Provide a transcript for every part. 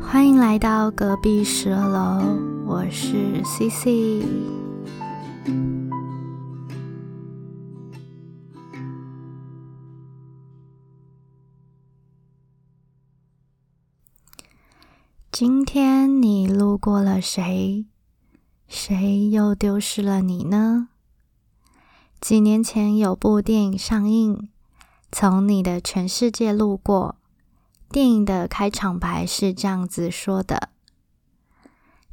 歡迎來到隔壁十二樓，我是 cici。今天你路過了誰？誰又丟失了你呢？幾年前有部電影上映，《從你的全世界路過》。電影的開場白是這樣子說的，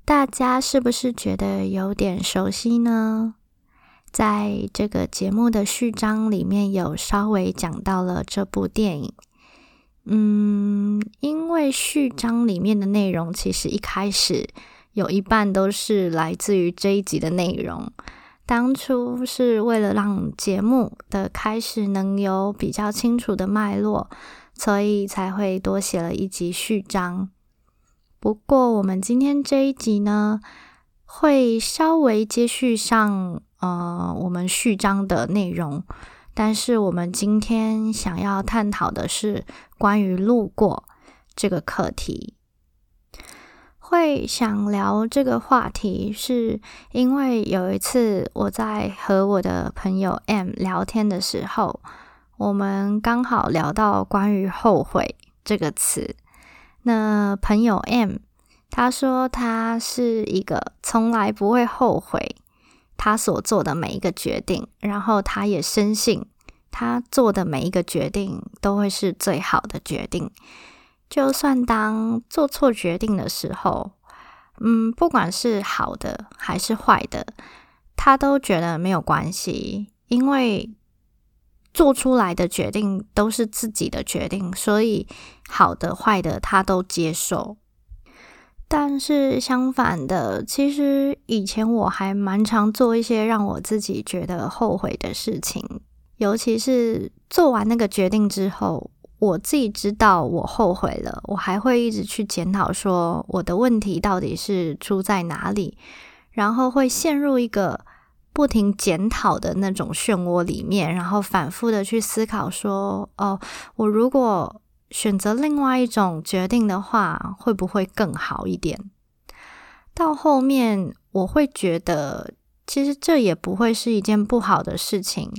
大家是不是覺得有點熟悉呢？在這個節目的序章裡面有稍微講到了這部電影。嗯，因為序章裡面的內容其實一開始有一半都是來自於這一集的內容，當初是為了讓節目的開始能有比較清楚的脈絡。所以才會多寫了一集序章。不過我們今天這一集呢，會稍微接續上呃我們序章的內容。但是我們今天想要探討的是關於路過這個課題。會想聊這個話題，是因為有一次我在和我的朋友 M 聊天的時候，我們剛好聊到關於“後悔”這個詞，那朋友 M，他說他是一個從來不會後悔他所做的每一個決定，然後他也深信他做的每一個決定都會是最好的決定，就算當做錯決定的時候，嗯，不管是好的還是壞的，他都覺得沒有關係，因為。做出來的決定都是自己的決定，所以好的壞的他都接受。但是相反的，其實以前我還蠻常做一些讓我自己覺得後悔的事情，尤其是做完那個決定之後，我自己知道我後悔了，我還會一直去檢討，說我的問題到底是出在哪裡，然後會陷入一個。不停檢討的那種漩渦裡面，然後反覆的去思考說：“哦，我如果選擇另外一種決定的話，會不會更好一點？”到後面，我會覺得其實這也不會是一件不好的事情，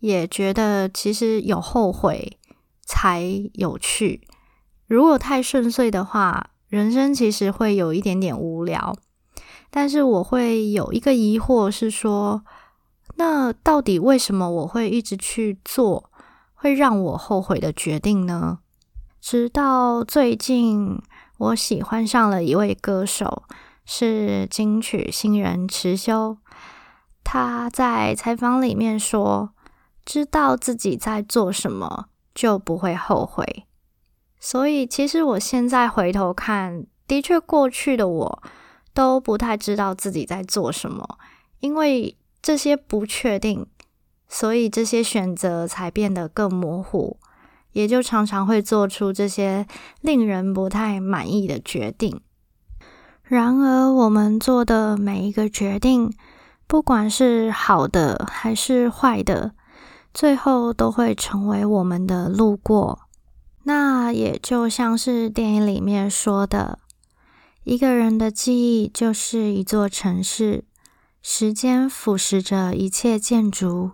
也覺得其實有後悔才有趣。如果太順遂的話，人生其實會有一點點無聊。但是我會有一個疑惑，是說，那到底為什麼我會一直去做會讓我後悔的決定呢？直到最近，我喜歡上了一位歌手，是金曲新人持修。他在採訪裡面說：“知道自己在做什麼，就不會後悔。”所以，其實我現在回頭看，的確過去的我。都不太知道自己在做什麼，因為這些不確定，所以這些選擇才變得更模糊，也就常常會做出這些令人不太滿意的決定。然而，我們做的每一個決定，不管是好的還是壞的，最後都會成為我們的路過。那也就像是電影裡面說的。一個人的記憶就是一座城市，時間腐蝕着一切建築，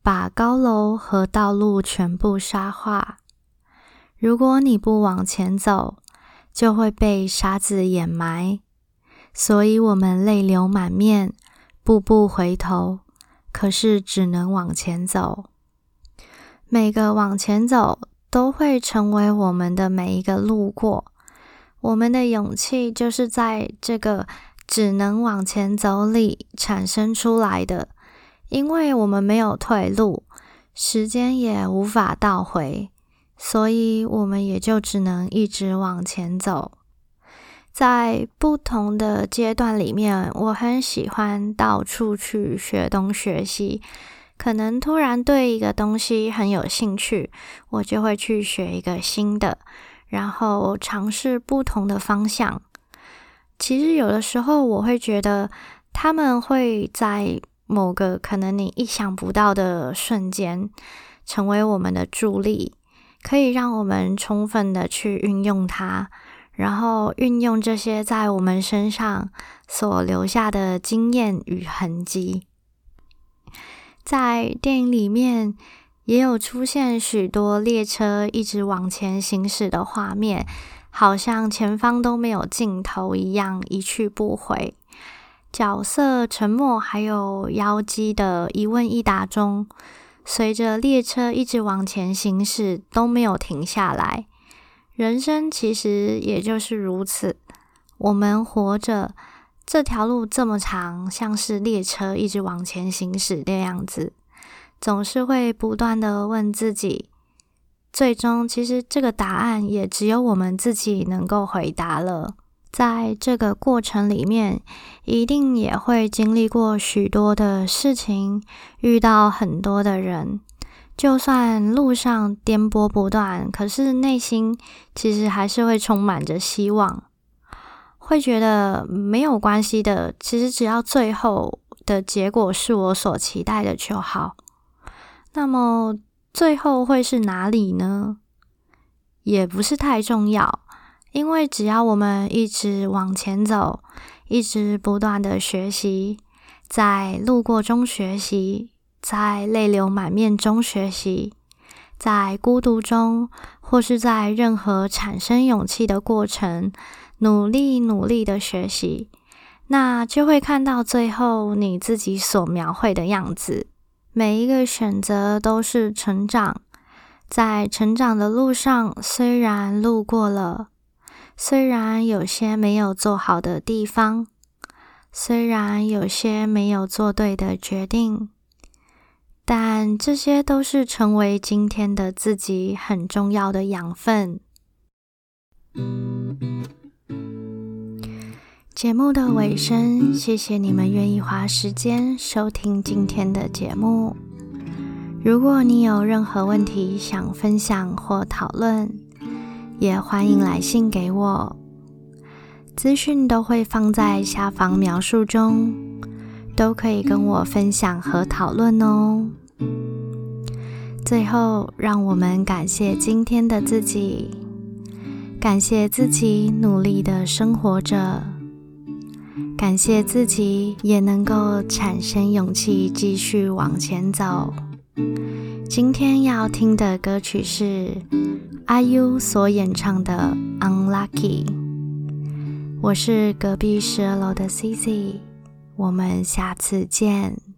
把高樓和道路全部沙化。如果你不往前走，就會被沙子掩埋。所以，我們淚流滿面，步步回頭，可是只能往前走。每個往前走，都會成為我們的每一個路過。我們的勇氣就是在這個只能往前走裡產生出來的，因為我們沒有退路，時間也無法倒回，所以我們也就只能一直往前走。在不同的階段裡面，我很喜歡到處去學東學西，可能突然對一個東西很有興趣，我就會去學一個新的。然後嘗試不同的方向。其實有的時候，我會覺得他們會在某個可能你意想不到的瞬間，成為我們的助力，可以讓我們充分的去運用它，然後運用這些在我們身上所留下的經驗與痕跡，在電影裡面。也有出現許多列車一直往前行駛的畫面，好像前方都沒有盡頭一樣，一去不回。角色沉默，還有幺雞的一問一答中，隨着列車一直往前行駛，都沒有停下來。人生其實也就是如此，我們活着，這條路這麼長，像是列車一直往前行駛的樣子。總是會不斷的問自己，最終其實這個答案也只有我們自己能夠回答了。在這個過程裡面，一定也會經歷過許多的事情，遇到很多的人。就算路上顛簸不斷，可是內心其實還是會充滿着希望，會覺得沒有關係的。其實只要最後的結果是我所期待的就好。那麼最後會是哪裡呢？也不是太重要，因為只要我們一直往前走，一直不斷的學習，在路過中學習，在淚流滿面中學習，在孤獨中，或是在任何產生勇氣的過程，努力努力的學習，那就會看到最後你自己所描繪的樣子。每一個選擇都是成長，在成長的路上，雖然路過了，雖然有些沒有做好的地方，雖然有些沒有做對的決定，但這些都是成為今天的自己很重要的養分。嗯嗯。節目的尾聲，謝謝你們願意花時間收聽今天的節目。如果你有任何問題想分享或討論，也歡迎來信給我。資訊都會放在下方描述中，都可以跟我分享和討論哦。最後，讓我們感謝今天的自己，感謝自己努力的生活着。感謝自己也能夠產生勇氣繼續往前走。今天要聽的歌曲是 IU 所演唱的《Unlucky》。我是隔壁十二樓的 Cici，我們下次見。